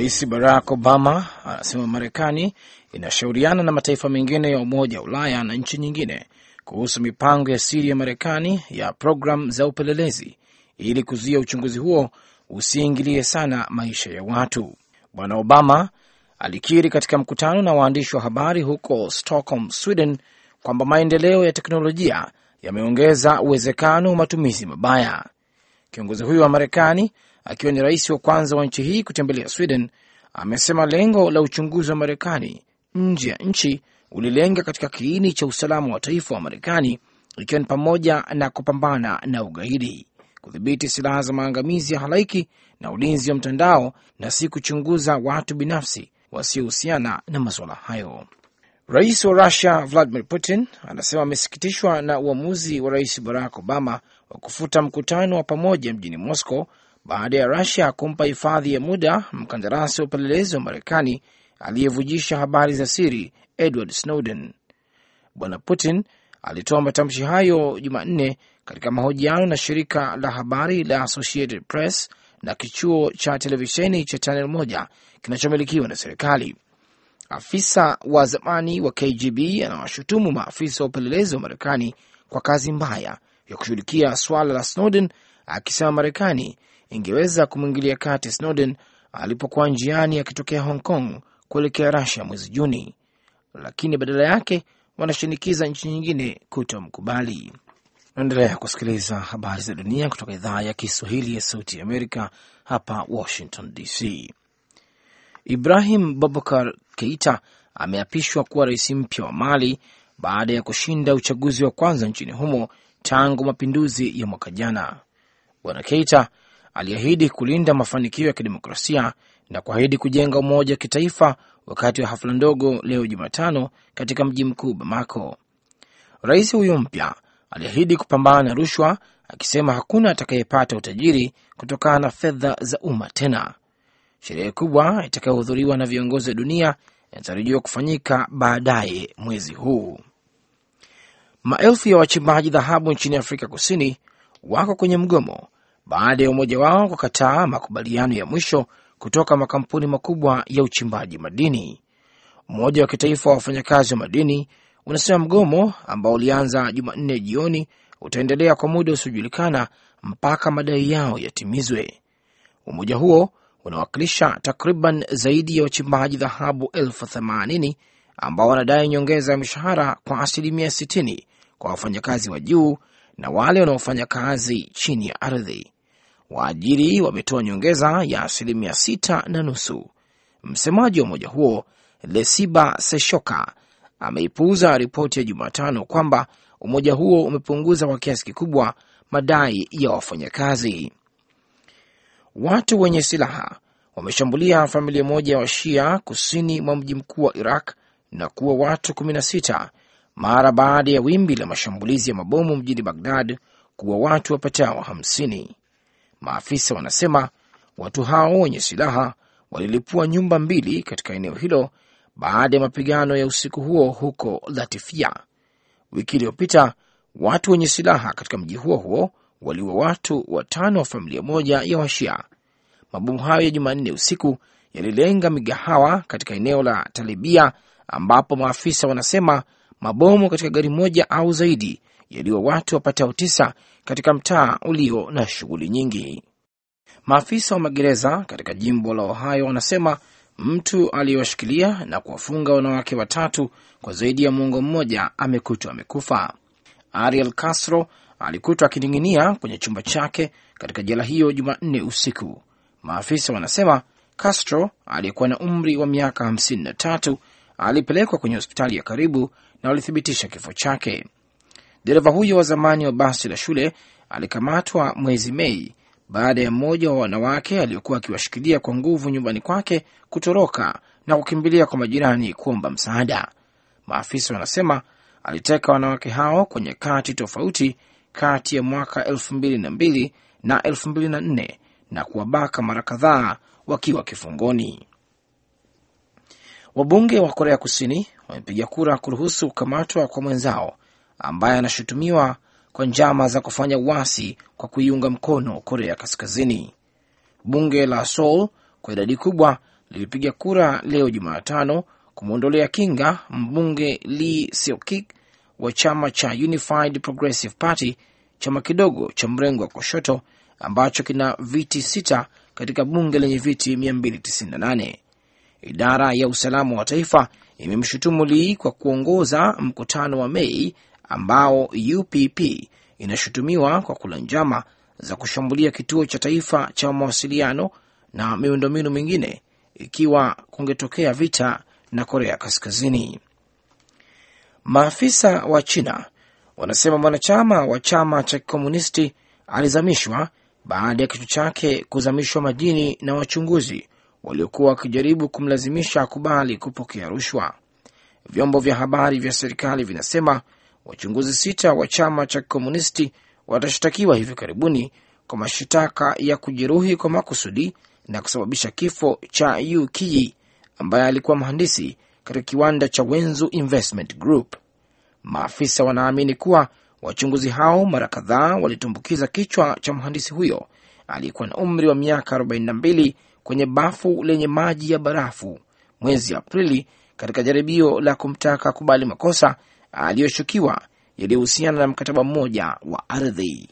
Rais Barack Obama anasema Marekani inashauriana na mataifa mengine ya Umoja wa Ulaya na nchi nyingine kuhusu mipango ya siri ya Marekani ya programu za upelelezi ili kuzuia uchunguzi huo usiingilie sana maisha ya watu. Bwana Obama alikiri katika mkutano na waandishi wa habari huko Stockholm, Sweden, kwamba maendeleo ya teknolojia yameongeza uwezekano wa matumizi mabaya. Kiongozi huyo wa Marekani akiwa ni rais wa kwanza wa nchi hii kutembelea Sweden, amesema lengo la uchunguzi wa Marekani nje ya nchi ulilenga katika kiini cha usalama wa taifa wa Marekani, ikiwa ni pamoja na kupambana na ugaidi, kudhibiti silaha za maangamizi ya halaiki na ulinzi wa mtandao, na si kuchunguza watu binafsi wasiohusiana na masuala hayo. Rais wa Rusia Vladimir Putin anasema amesikitishwa na uamuzi wa Rais Barack Obama wa kufuta mkutano wa pamoja mjini Moscow baada ya Rusia kumpa hifadhi ya muda mkandarasi wa upelelezi wa Marekani aliyevujisha habari za siri Edward Snowden. Bwana Putin alitoa matamshi hayo Jumanne katika mahojiano na shirika la habari la Associated Press na kichuo cha televisheni cha Channel moja kinachomilikiwa na serikali. Afisa wa zamani wa KGB anawashutumu maafisa wa upelelezi wa Marekani kwa kazi mbaya ya kushughulikia suala la Snowden, akisema Marekani ingeweza kumwingilia kati Snowden alipokuwa njiani akitokea Hong Kong kuelekea Russia mwezi Juni, lakini badala yake wanashinikiza nchi nyingine kutomkubali. Naendelea kusikiliza habari za dunia kutoka idhaa ya Kiswahili ya Sauti ya Amerika hapa Washington DC. Ibrahim Babakar Keita ameapishwa kuwa rais mpya wa Mali baada ya kushinda uchaguzi wa kwanza nchini humo tangu mapinduzi ya mwaka jana. Bwana Keita aliahidi kulinda mafanikio ya kidemokrasia na kuahidi kujenga umoja wa kitaifa wakati wa hafla ndogo leo Jumatano katika mji mkuu Bamako. Rais huyu mpya aliahidi kupambana na rushwa, akisema hakuna atakayepata utajiri kutokana na fedha za umma tena. Sherehe kubwa itakayohudhuriwa na viongozi wa dunia inatarajiwa kufanyika baadaye mwezi huu. Maelfu ya wachimbaji dhahabu nchini Afrika Kusini wako kwenye mgomo baada ya umoja wao kukataa makubaliano ya mwisho kutoka makampuni makubwa ya uchimbaji madini. Umoja wa kitaifa wa wafanyakazi wa madini unasema mgomo ambao ulianza Jumanne jioni utaendelea kwa muda usiojulikana mpaka madai yao yatimizwe. Umoja huo unawakilisha takriban zaidi ya wachimbaji dhahabu elfu themanini ambao wanadai nyongeza ya mishahara kwa asilimia 60 kwa wafanyakazi wa juu na wale wanaofanya kazi chini ya ardhi. Waajiri wametoa nyongeza ya asilimia sita na nusu. Msemaji wa umoja huo Lesiba Seshoka ameipuuza ripoti ya Jumatano kwamba umoja huo umepunguza kwa kiasi kikubwa madai ya wafanyakazi. Watu wenye silaha wameshambulia familia moja ya wa Shia kusini mwa mji mkuu wa Iraq na kuua watu sita mara baada ya wimbi la mashambulizi ya mabomu mjini Bagdad kuwa watu wapatao hamsini. Maafisa wanasema watu hao wenye silaha walilipua nyumba mbili katika eneo hilo baada ya mapigano ya usiku huo huko Latifia. Wiki iliyopita watu wenye silaha katika mji huo huo waliua watu watano wa familia moja ya Washia. Mabomu hayo ya Jumanne usiku yalilenga migahawa katika eneo la Talibia ambapo maafisa wanasema mabomu katika gari moja au zaidi yaliwa watu wapatao tisa katika mtaa ulio na shughuli nyingi. Maafisa wa magereza katika jimbo la Ohio wanasema mtu aliyewashikilia na kuwafunga wanawake watatu kwa zaidi ya muongo mmoja amekutwa amekufa. Ariel Castro alikutwa akining'inia kwenye chumba chake katika jela hiyo Jumanne usiku. Maafisa wanasema Castro aliyekuwa na umri wa miaka tatu alipelekwa kwenye hospitali ya karibu na walithibitisha kifo chake. Dereva huyo wa zamani wa basi la shule alikamatwa mwezi Mei baada ya mmoja wa wanawake aliyokuwa akiwashikilia kwa nguvu nyumbani kwake kutoroka na kukimbilia kwa majirani kuomba msaada. Maafisa wanasema aliteka wanawake hao kwa nyakati tofauti kati ya mwaka elfu mbili na mbili na elfu mbili na nne na kuwabaka mara kadhaa wakiwa kifungoni. Wabunge wa Korea Kusini wamepiga kura kuruhusu kukamatwa kwa mwenzao ambaye anashutumiwa kwa njama za kufanya uasi kwa kuiunga mkono Korea Kaskazini. Bunge la Seoul kwa idadi kubwa lilipiga kura leo Jumatano kumwondolea kinga mbunge Lee seok wa chama cha Unified Progressive Party, chama kidogo cha mrengo wa kushoto ambacho kina viti sita katika bunge lenye viti 298. Idara ya usalama wa taifa imemshutumu Lee kwa kuongoza mkutano wa Mei ambao UPP inashutumiwa kwa kula njama za kushambulia kituo cha taifa cha mawasiliano na miundombinu mingine ikiwa kungetokea vita na Korea Kaskazini. Maafisa wa China wanasema mwanachama wa chama cha kikomunisti alizamishwa baada ya kichwa chake kuzamishwa majini na wachunguzi waliokuwa wakijaribu kumlazimisha akubali kupokea rushwa. Vyombo vya habari vya serikali vinasema wachunguzi sita wa chama cha kikomunisti watashtakiwa hivi karibuni kwa mashitaka ya kujeruhi kwa makusudi na kusababisha kifo cha Yu ambaye alikuwa mhandisi katika kiwanda cha Wenzu Investment Group. Maafisa wanaamini kuwa wachunguzi hao mara kadhaa walitumbukiza kichwa cha mhandisi huyo aliyekuwa na umri wa miaka 42 kwenye bafu lenye maji ya barafu mwezi Aprili katika jaribio la kumtaka kubali makosa aliyoshukiwa yaliyohusiana na mkataba mmoja wa ardhi.